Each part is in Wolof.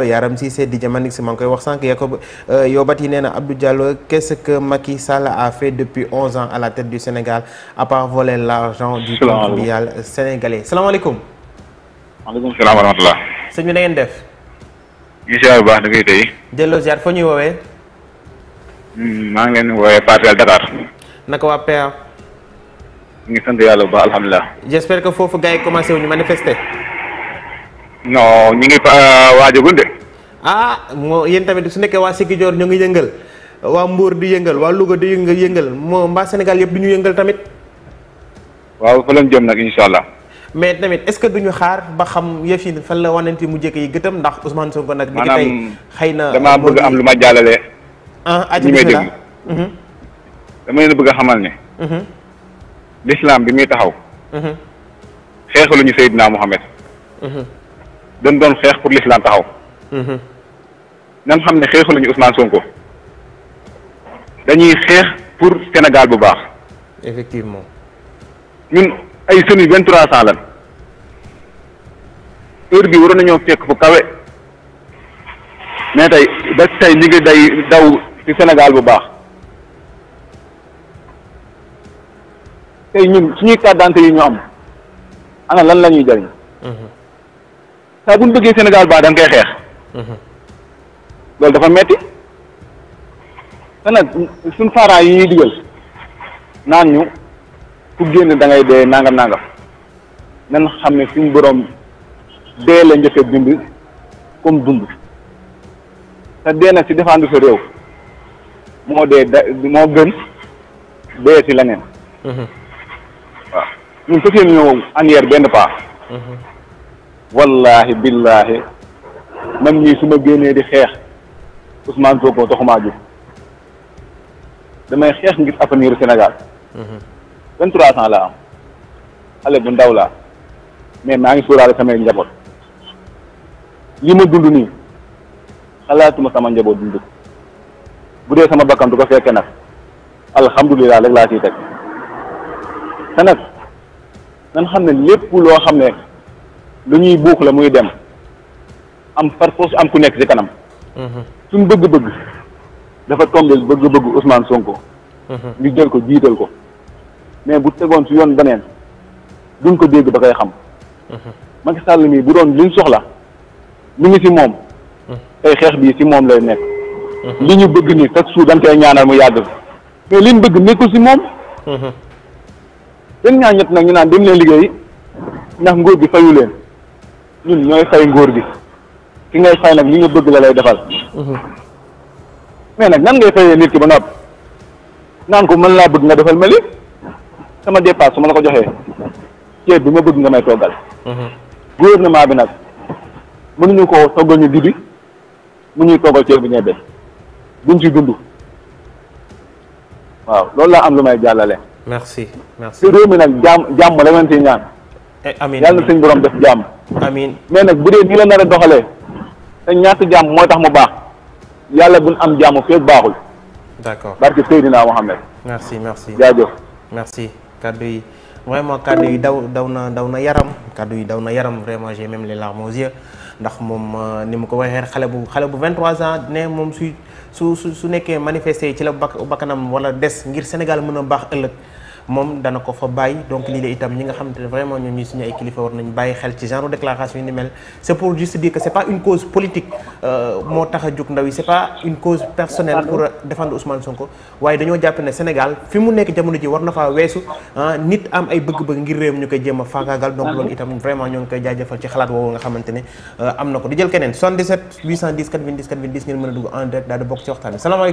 Yaram Cissé Didier Manik si maa ngi koy wax sànq Yacob euh, Yobat yi nee na Abdou Diallo qu'est-ce que a fait depuis onze ans à la tête du Sénégal à part voler l'argent du contribuable sénégalais salaamaaleykum maaleykum salaam wa rahmatulah sëñ bi na ngeen def ñu ziar baax da ngay tey jëlloo ziar fa ñuy woowee hmm, maa ngi leen woowee Parcelles Dakar naka waa PA ñu ngi bu baax alhamdulilah j'espère que foofu gars yi commencé ñu manifester non ñu ngi fa ah, waajagul de. ah moo yéen tamit su nekkee waa Sikki ñoo ngi yëngal waa Mbour di yëngal waa Louga di yëngal yëngal moo mbaa Sénégal yëpp du ñu yëngal tamit. waaw fa lañ jëm nag incha allah. mais tamit est-ce que duñu xaar ba xam yëf yi fan la wanante mu jëkk yi gëtam ndax Ousmane Sonko nag. maanaam tey xëy na damaa bëgg am lu ma jàllale. ah aji ñi may mhm. dama leen bëgg a xamal ne. Mhm. l'islam bi muy taxaw. Mhm. xeexaluñu Seydina Mohamed. dañ doon xeex pour l'islam taxaw. Mhm. nan xam ne xeexu lañu Ousmane ko dañuy xeex pour Sénégal bu baax. effectivement. ñun ay sëñ yu vingt trois lan heure bi waroon nañoo fekk fu kawe mais tey ba tey ñu ngi day daw ci Sénégal bu baax tey ñun suñuy carte d'identité yi ñu am ana lan la ñuy jariñ mhm. saa bu ñu bëggee Sénégal baax dañ koy xeex. Mhm. loolu dafa metti suñ parents yi ñuy digal naan ñu ku génn da ngay dee nangam nangam nan xam ne suñ borom dee la njëkk a bind comme dund te dee na si défendre sa réew moo dee moo gën dee si leneen. Mhm. waaw ñun fas yéene ñoo en arrière benn pas. Mhm. wallahi billahi man mii su ma génnee di xeex Ousmane Sonko taxumaa jóg damay xeex ngir avenir Sénégal mhm. vingt-trois ans laa am xale bu ndaw laa mais maa ngi sóoraale samay njaboot li ma dund nii xalaatuma sama njaboot dund bu dee sama bakkan ko fekke nag alhamdulilah rek laa ciy teg te nag nan xam ne lépp loo xam ne lu ñuy buux la muy dem am par force am ku nekk ci kanam. Mhm. suñ bëgg-bëgg dafa tombé bëgg-bëgg Ousmane Sonko. Mhm. ñu jël ko jiital ko mais bu tegoon ci yoon beneen duñ ko dégg ba koy xam. Mhm. Macky Sall mii bu doon luñ soxla mu ngi ci moom. tey xeex bii ci moom lay nekk. li ñu bëgg ni chaque jour dañ koy ñaanal mu yàgg mais liñ bëgg nekkul ci moom. dañ ñaan ñett nag ñu naan dem leen liggéey ndax nguur gi fayu leen. ñun ñooy fay nguur gi ki ngay fay nag li nga bëgg la lay defal. Mhm. mais nag nan ngay fayee nit ki ba nopp naan ko mën laa bëgg nga defal ma li sama dépasse su ma la ko joxee ceeb bi ma bëgg nga may toggal. Mhm. gouvernement bi nag mënuñu ko toggal ñu dibi mu ñuy toggal ceeb bi ñebe buñ ci dund. waaw loolu laa am lu may jàllale. merci merci réew mi nag jàmm jàmm la ngeen ñaan. Eh, amiin yàlla na suñ borom def jàmm. amiin mais nag bu dee nii la nar a doxalee te ñàkk jàmm mooy tax mu baax yàlla buñ am jàmm feeg baaxul. d'accord barke Seydina Mohamed. merci merci jaajëf. merci kaddu yi vraiment kaddu yi daw daw na daw na yaram kaddu yi daw na yaram vraiment j'ai même les larmes aux yeux ndax moom euh, ni mu ko waxee xale bu xale bu 23 ans ne moom su su su nekkee manifester ci la bakk bakkanam wala des ngir Sénégal mën a baax ëllëg. moom dana ko fa bàyyi donc lii la itam ñi nga xamante ne vraiment ñoom ñuy suñu ay kilifa war nañu bàyyi xel ci genre déclaration yi ni mel c' pour juste dire que c' pas une cause politique euh, moo tax a jóg ndaw yi pas une cause personnelle pour défendre Ousmane Sonko waaye dañoo jàpp ne Sénégal fi mu nekk jamono ji war na faa weesu ah, nit am ay bëgg-bëgg ngir réew ñu koy jéem a faagaagal donc loolu itam vraiment ñoo ngi koy jaajëfal ci xalaat euh, a dugg en direct daal di bokk ci waxtaan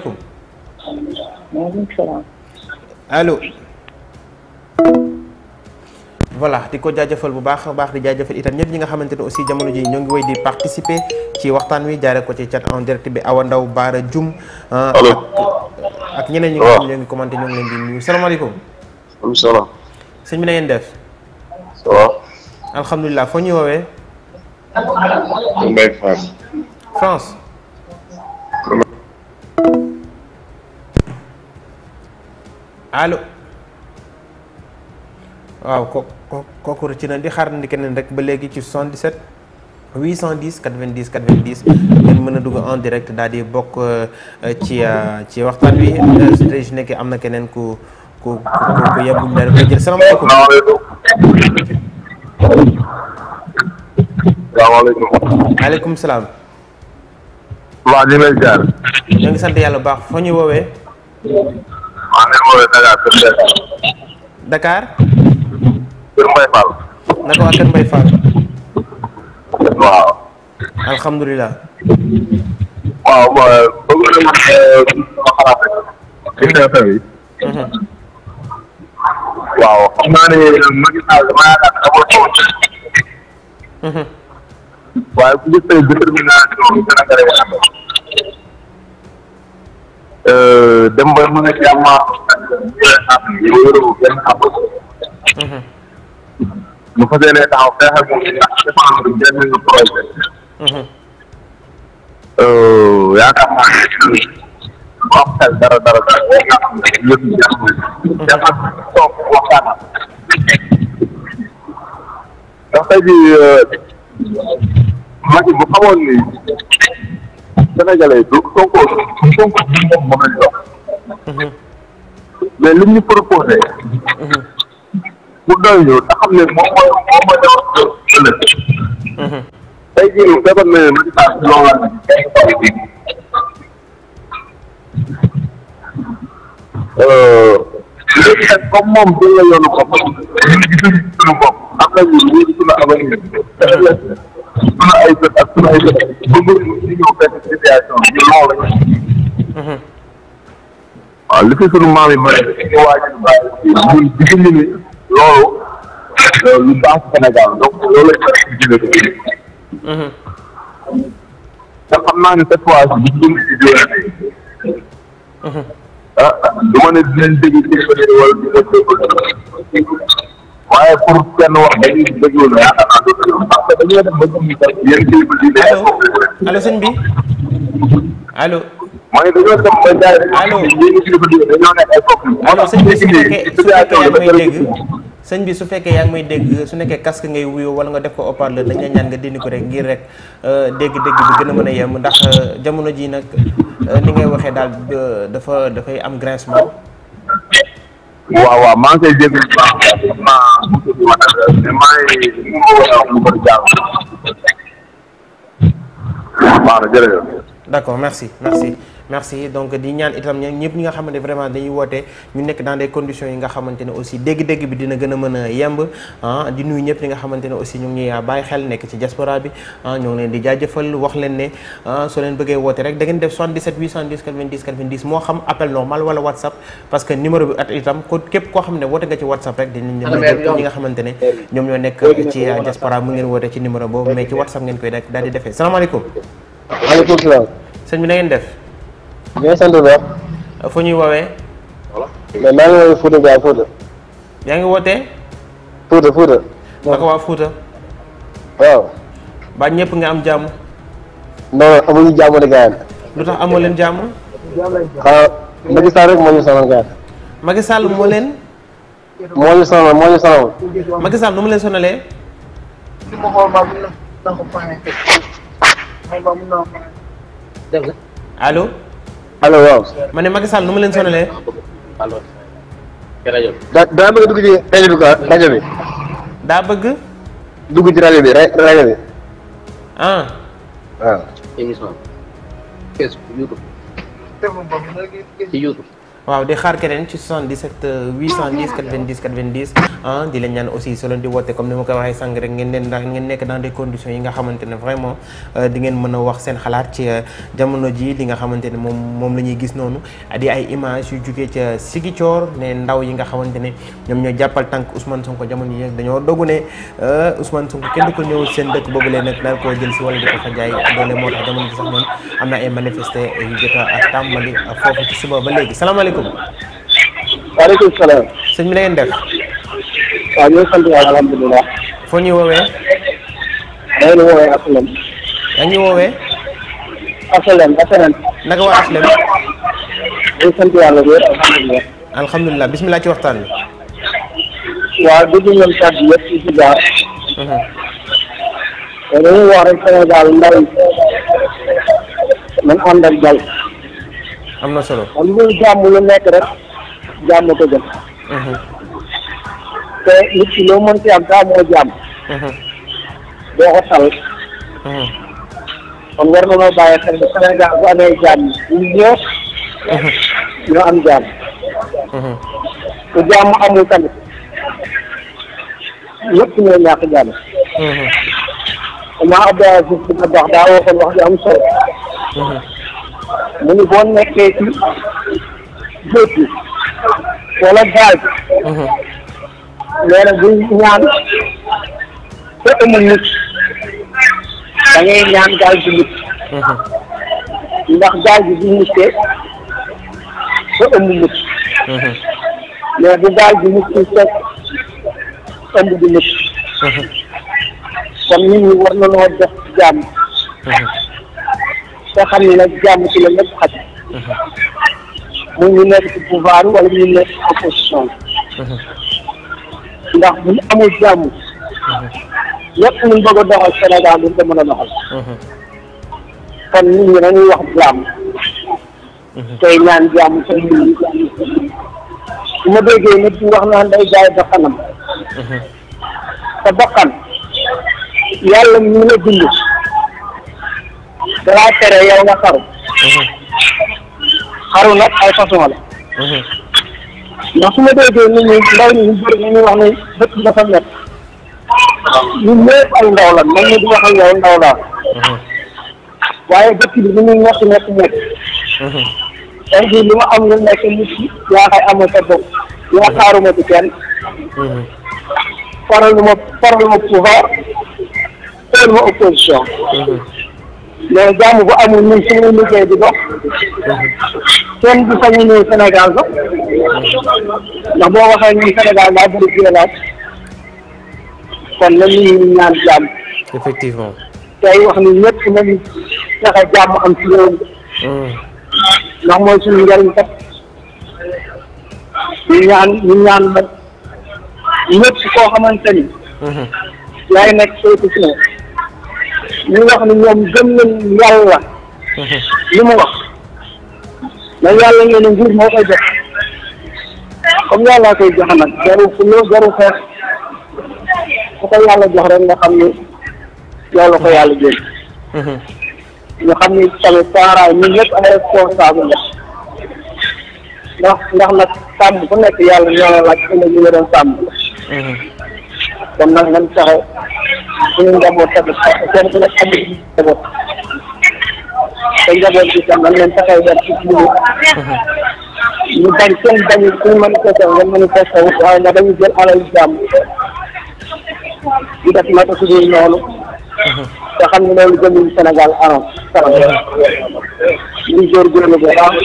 bi voilà di ko jaajëfal bu baax baax di jaajëfal itam ñëpp ñi nga xamante ne aussi jamono ji ñoo ngi wéy di participer ci waxtaan wi jaare ko ci chat en direct bi Awa Ndaw Baara Jum ah, ak ñeneen ñi nga xam ne ñoo ngi commenté ñoo ngi leen di nuyu alhamdulilah foo ñuy woowee France France waaw ko ko kooku rëcc na di xaarandi keneen rek ba léegi ci 77 810 90 90 ngeen mën a dugg en direct daal di bokk euh, ci euh, ci waxtaan wi région nekk am na keneen ku ku ku yebbu leer ba jël salaamaaleykum. salaamaaleykum. maaleykum salaam. waaw ñu lay jaar. ñoo ngi sant yàlla bu baax foo ñu woowee. maa Kër Mbaye Fall. naka waa Kër Mbaye Fall. waaw. alhamdulilah. waaw ma bëgg na ma xalaat rek. xew-xew mhm. yi. waaw xam naa ne Macky Sall dama yaakaar ne dafa toog. Mhm. waaye ku gis tey détermination bi Sénégalais yi am dem ba mën a jàmm ak yeneen at yi mu fas yéene taxaw fexe moom ñu tax défendre benn projet. yaakaar naa ne bu am xel dara dara dara yaakaar naa ne yëpp jàpp nañu. dafa toog waxtaan. ndax tey jii Macky bu xamoon ni Sénégalais du Sonko Sonko moom moom lañ dox. mais li ñu proposé. mu doy ñu nga xam ne moom mooy moom mooy defar ëllëg tey jii dafa mel ne Macky Sall loolu euh, léegi nag comme moom bu la yoonu bopp ñun gisuñu suñu bopp am nañu léegi suñu avenir suñu ay jot ak suñu ay jot ba mbir mi ñu ñëw fekk situation bi ñu lool rek mhm. waaw li fi suñu maam yi mën ñu waajal bàyyi ñun gisuñu ni loolu lu baax Sénégal donc loolu te xam naa ne cette fois ci biñ jëm ah du ma ne dinañ dégg émission wala du ma dégg waaye pour kenn wax dañuy déglu ne yaakaar naa déglu parce que dañoo dem ba gëm ñu kat yéen kii bi di ne. allo allo sëñ bi allo. ma ne dañoo dem ba jaay. allo yéen kii bi di ne dañoo nekk ay bopp. allo sëñ bi su fekkee su fekkee yaa ngi may dégg. sëñ bi su fekkee yaa ngi may dégg su nekkee casque ngay wuyo wala nga def ko haut-parleur dañ ñaan nga dindi ko rek ngir rek dégg-dégg bi gën a mën a yem ndax jamono ji nag ni ngay waxee daal dafa dafay am grincement. waaw waaw maa ngi koy d'accord merci merci. merci donc di ñaan itam ñëpp ñi nga xamante vraiment dañuy woote ñu nekk dans des conditions yi nga xamante ne aussi dégg-dégg bi dina gën a a yemb ah, di nuyu ñëpp ñi nga xamante ne aussi ñu ngi ñuy bàyyi xel nekk ci diaspora bi ah ñoo ne ah, soo leen bëggee woote rek da ngeen ñoom ñoo nekk ci diaspora mu ngeen woote ci numéro boobu mais ci whatsapp ngeen koy daal di defee salaamaaleykum waaleykum salaam bi na def bien sant bu baax. fu ñuy woowee. mais ngi woowee Fouta Gueye Fouta. yaa ngi wootee. Fouta Fouta. naka waa Fouta. waaw. ba ñëpp nga am jàmm. non amuñu jàmm de gars lu tax amoo leen jàmm. xanaa moo ñu sonal gars yi. Macky Sall moo leen. moo nu mu leen sonalee. allo. allo waaw. ma ne Macky Sall leen sonalee. rajo bi. daa daa bëgg dugg ci rajo bi quoi rajo bi. daa bëgg. dugg ci waaw di xaar keneen ci 77 810 90 90 ah di leen ñaan aussi soo leen di woote comme ni ma ko waxee sàng rek ngeen leen ndax ngeen nekk dans des conditions yi nga xamante ne vraiment euh, di ngeen mën a wax seen xalaat ci euh, jamono ji li nga xamante ne moom moom la ñuy gis noonu di ay image yu jugee ca Sigicoor ne ndaw yi nga xamante ne ñoom ñoo jàppal tànk Ousmane Sonko jamono yi dañoo dogu ne euh, Ousmane Sonko kenn du ko ñëw seen dëkk boobu leen nag daal koo jël si wala di ko fa jaay doole moo tax jamono ji sax moom am na ay manifesté yu jot a tàmbali foofu ci suba ba léegi salaamaaleykum salaamaaleykum. waaleykum salaam. bi na def. waaw ñoo sant alhamdulilah. foo ñuy woowee. maa ngi woowee Asalem. yaa woowee. Asalem Asalem. naka waa Asalem. ñu sant yàlla alhamdulilah. alhamdulilah bisimilah ci waxtaan bi. waaw déglu ngeen kàddu yëpp ci xibaar. te mhm. dañuy wax rek man ànd ak dal. am na solo kon lu jàmm lu nekk rek jàmm ko gën. Mhm. te nit ki loo mën ci am daa moo jàmm. Mhm. doo ko tal. Mhm. kon war nañoo bàyyi xel ne Sénégal bu amee jàmm ñun ñëpp. ñoo am jàmm. te jàmm amul tamit ñëpp ñoo ñàkk jàmm. te maa Abdou Aziz Sy Dabakh daa waxoon wax ju am solo. mu ngi boo nekkee ci géej gi wala gaal bi nee na buy ñaan te amul nit da ngay ñaan gaal bi nit mhm. gaal bi bu nittee te amul nit mais mhm. bu gaal bi nit ci fekk ëmb kon nit ñi war na noo def jàmm mhm. te xam ne nag jàmm ci la ñëpp xaj mu ñu nekk ci pouvoir wala ñu nekk ci opposition ndax bu ñu amul jàmm lépp lu ñu bëgg a doxal mën a doxal kon nit wax jàmm tey ñaan jàmm te nit ñi bu ma déggee nit wax naan day jaay bakkanam uhuh. te bakkan yàlla ñu la bind dalaa tere yow nga xaru mhm. xaru nag ay façon la mhm. ndax su ma déggee nit ñi ndaw ñi ñu bëri ñu wax ne dëkk bi dafa métti ñun ñëpp ay ndaw la man mii di wax ak yow ndaw laa mhm. waaye dëkk ni muy métti métti métti tey jii li ma am lu nekk nit yi yaa xay amul sa bopp yaakaaruma ci kenn opposition mais jàmm bu amul ñun suñu liggéey di dox kenn du sañu ñëw Sénégal sax ndax boo waxee ñun Sénégal daa bëri violence kon la ñuy ñaan jàmm. effectivement tey wax ni ñëpp nañu fexe jàmm am ci réew mi hmm. ndax mooy suñu njëriñ kat ñu ñaan ñu ñaan nag ñëpp koo xamante ni. Hmm. yaay nekk sooy ñu wax ne ñoom gëm nañ yàlla. li mu wax. mais yàlla ngeen ne nguur moo koy def comme yàllaa koy jox nag jarul fuloo jarul xeex ku ko yàlla jox rek nga xam ni yow la ko yàlla jël. ñu xam ni tamit parents ñun ñëpp ay responsable la ndax ndax nag sàmm bu nekk yàlla ñoo la laaj ëllëg ñu nga doon sàmm. kon nag nañ fexe. suñu njaboot tamit parce que kenn ku nekk xam nga njaboot te njaboot bi tam dañ leen taxaw def ci liggéey ñu bañ kenn bañu suñu manifesté nga manifesté wu waaye nga dañu jël alal jàmm di def naka su dul noonu te xam ne loolu jëmul Sénégal anam kanam ñu góorgóorlu bu baax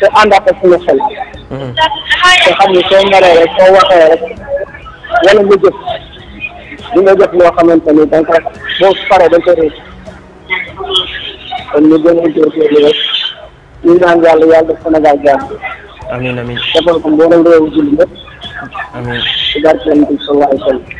te ànd ak suñu xel mm-hmm. te xam ne soo naree rek soo waxee rek wala nga jëf di nga jot loo xamante ni da nga ko boo paree da nga ko a góorgóorlu rek ñu naan yàlla yàlla def Sénégal jàmm. amiin amiin defal ko mboolem réewu jullit yëpp. amiin ci barkeem bi sallallahu alayhi wa